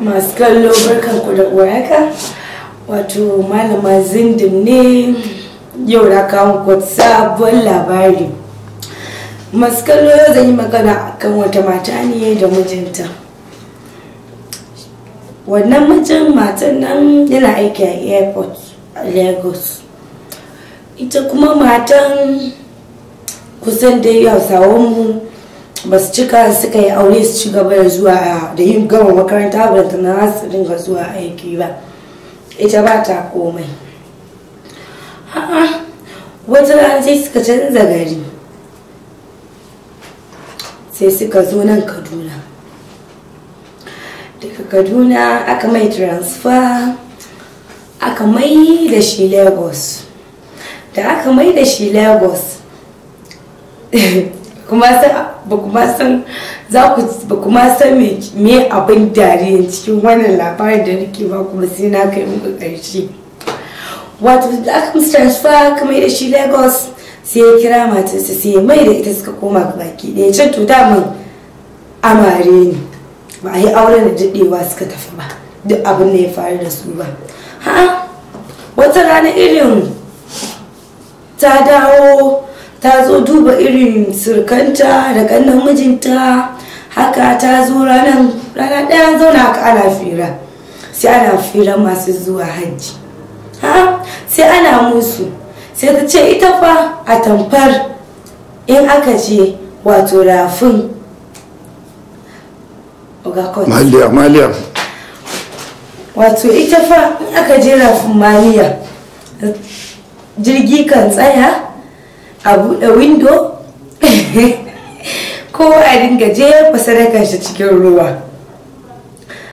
masu kallo barkan ku da warhaka wato malama zindim ne yau na kawo ku sabon labari masu kallo yau zan yi magana akan wata mata ne da mijinta wannan mijin matan nan yana aiki a airport a lagos ita kuma matan kusan dai mu. ba su cika suka yi aure su ci gaba da zuwa da yin gama makaranta ba da na su dinga zuwa aiki ba ita ba ta komai a'a wata rana sai suka canza gari sai suka zo nan kaduna daga kaduna aka mai transfer aka mai da shi lagos da aka mai da shi lagos kuma ba kuma san za ku ba kuma san me me abin dariya cikin wannan labarin da nake ba kuma sai na kai muku ƙarshe wato da aka musu transfer da shi Lagos sai ya kira matarsa sai ya mai da ita suka koma baki ɗaya can to daman amare ne ba a yi auren da daɗewa suka tafi ba duk abin da ya faru da su ba ha wata rana irin ta dawo ta zo duba irin surkanta da kannan mijinta haka ta zo ranar rana ɗaya zauna haka ana fira sai ana fira masu zuwa hajji ha sai ana musu sai ta ce ita fa a tamfar in aka ce wato rafin maliya maliya wato ita fa in aka je rafin maliya jirgi kan tsaya a buɗe windo ko a dinga jefa sadakar shi cikin ruwa